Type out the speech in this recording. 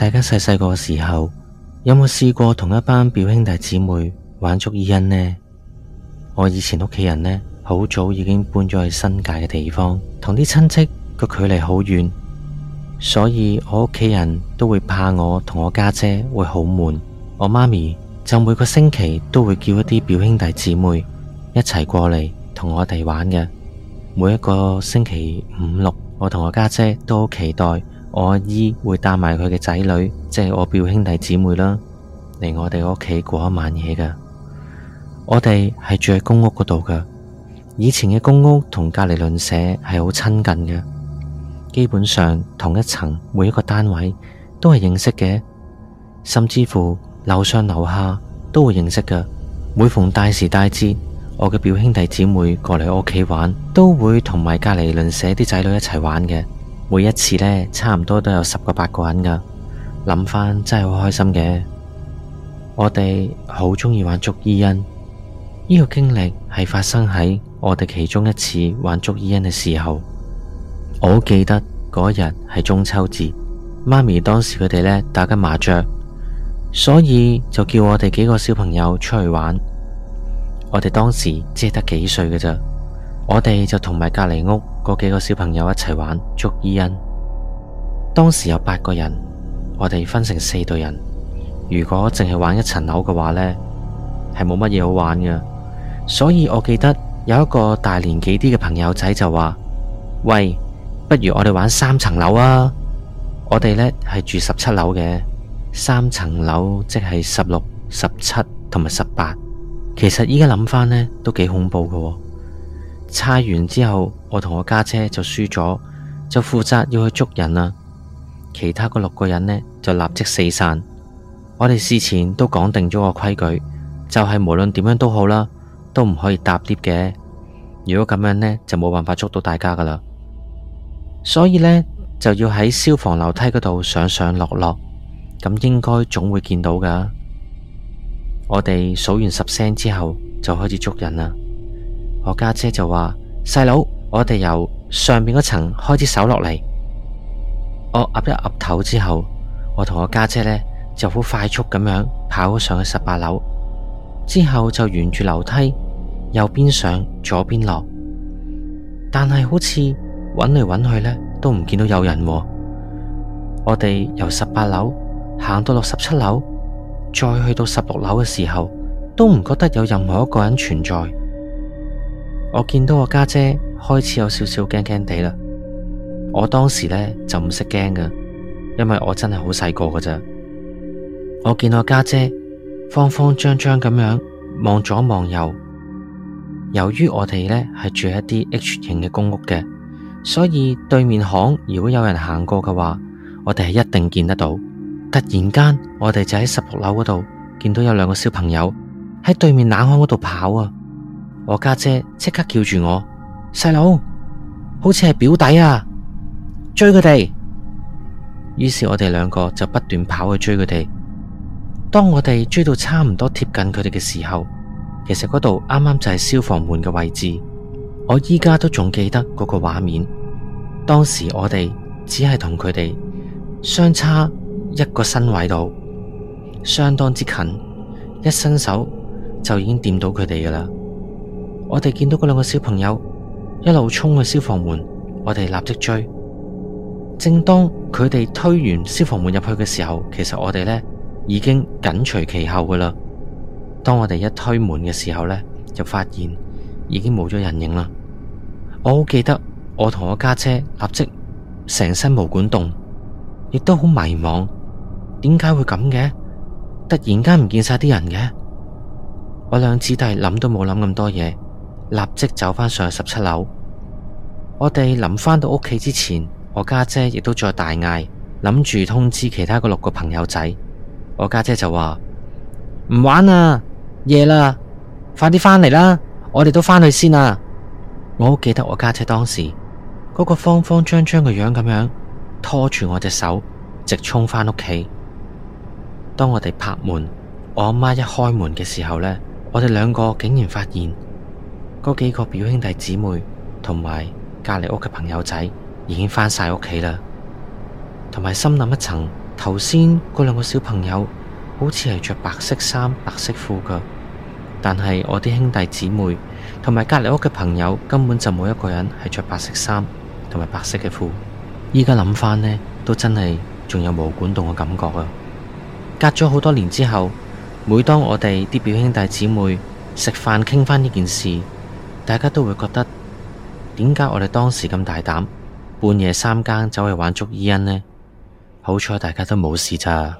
大家細細個嘅時候有冇試過同一班表兄弟姊妹玩捉伊人呢？我以前屋企人呢，好早已經搬咗去新界嘅地方，同啲親戚個距離好遠，所以我屋企人都會怕我同我家姐會好悶。我媽咪就每個星期都會叫一啲表兄弟姊妹一齊過嚟同我哋玩嘅，每一個星期五六，我同我家姐都好期待。我阿姨會帶埋佢嘅仔女，即係我表兄弟姊妹啦，嚟我哋屋企過一晚嘢㗎。我哋係住喺公屋嗰度嘅，以前嘅公屋同隔籬鄰舍係好親近嘅，基本上同一層每一個單位都係認識嘅，甚至乎樓上樓下都會認識㗎。每逢大時大節，我嘅表兄弟姊妹過嚟我屋企玩，都會同埋隔籬鄰舍啲仔女一齊玩嘅。每一次呢，差唔多都有十個八個人㗎。諗返真係好開心嘅，我哋好鍾意玩捉伊人。呢、這個經歷係發生喺我哋其中一次玩捉伊人嘅時候。我記得嗰日係中秋節，媽咪當時佢哋呢打緊麻將，所以就叫我哋幾個小朋友出去玩。我哋當時只係得幾歲嘅咋，我哋就同埋隔籬屋。個幾個小朋友一齊玩捉伊人，當時有八個人，我哋分成四隊人。如果淨係玩一層樓嘅話呢，係冇乜嘢好玩嘅。所以我記得有一個大年紀啲嘅朋友仔就話，喂，不如我哋玩三層樓啊！我哋呢係住十七樓嘅，三層樓即係十六、十七同埋十八。其實依家諗返呢，都幾恐怖嘅。猜完之後，我同我家姐就輸咗，就負責要去捉人啦。其他嗰六個人呢就立即四散。我哋事前都講定咗個規矩，就係、是、無論點樣都好啦，都唔可以搭 lift 嘅。如果咁樣呢，就冇辦法捉到大家噶啦。所以呢，就要喺消防樓梯嗰度上上落落，咁應該總會見到噶。我哋數完十聲之後，就開始捉人啦。我家姐就話，細佬，我哋由上面嗰層開始搜落嚟。我岌一岌頭之後，我同我家姐呢就好快速咁樣跑上去十八樓，之後就沿住樓梯右邊上左邊落，但係好似揾嚟揾去呢都唔見到有人。我哋由十八樓行到落十七樓，再去到十六樓嘅時候，都唔覺得有任何一個人存在。我見到我家姐開始有少少驚驚地啦，我當時呢就唔識驚嘅，因為我真係好細個噶啫。我見到我家姐慌慌張張咁樣望左望右，由於我哋呢係住一啲 H 型嘅公屋嘅，所以對面巷如果有人行過嘅話，我哋係一定見得到。突然間，我哋就喺十六樓嗰度見到有兩個小朋友喺對面冷巷嗰度跑啊！我家姐即刻叫住我細佬，好似係表弟啊，追佢哋。於是我哋兩個就不斷跑去追佢哋。當我哋追到差唔多貼近佢哋嘅時候，其實嗰度啱啱就係消防門嘅位置。我依家都仲記得嗰個畫面。當時我哋只係同佢哋相差一個身位度，相當之近，一伸手就已經掂到佢哋㗎喇。我哋見到嗰兩個小朋友一路衝去消防門，我哋立即追。正當佢哋推完消防門入去嘅時候，其實我哋呢已經緊隨其後㗎喇。當我哋一推門嘅時候呢，就發現已經冇咗人影啦。我好記得，我同我家姐、姐立即成身毛管凍，亦都好迷茫，點解會咁嘅？突然間唔見晒啲人嘅，我兩姊弟諗都冇諗咁多嘢。立即走返上十七樓。我哋臨返到屋企之前，我家姐亦都再大嗌，諗住通知其他嗰六個朋友仔。我家姐就話唔玩啦，夜啦，快啲返嚟！啦！我哋都返去先啦。我好記得，我家姐當時嗰個慌慌張張嘅樣咁樣，拖住我隻手，直衝返屋企。當我哋拍門，我阿媽一開門嘅時候呢，我哋兩個竟然發現。嗰幾個表兄弟姊妹同埋隔籬屋嘅朋友仔已經返晒屋企啦，同埋心諗一層，頭先嗰兩個小朋友好似係着白色衫、白色褲㗎，但係我啲兄弟姊妹同埋隔籬屋嘅朋友根本就冇一個人係着白色衫同埋白色嘅褲。依家諗返呢，都真係仲有毛管戙嘅感覺啊！隔咗好多年之後，每當我哋啲表兄弟姊妹食飯傾返呢件事，大家都會覺得點解我哋當時咁大膽，半夜三更走去玩捉伊人呢？好彩大家都冇事咋。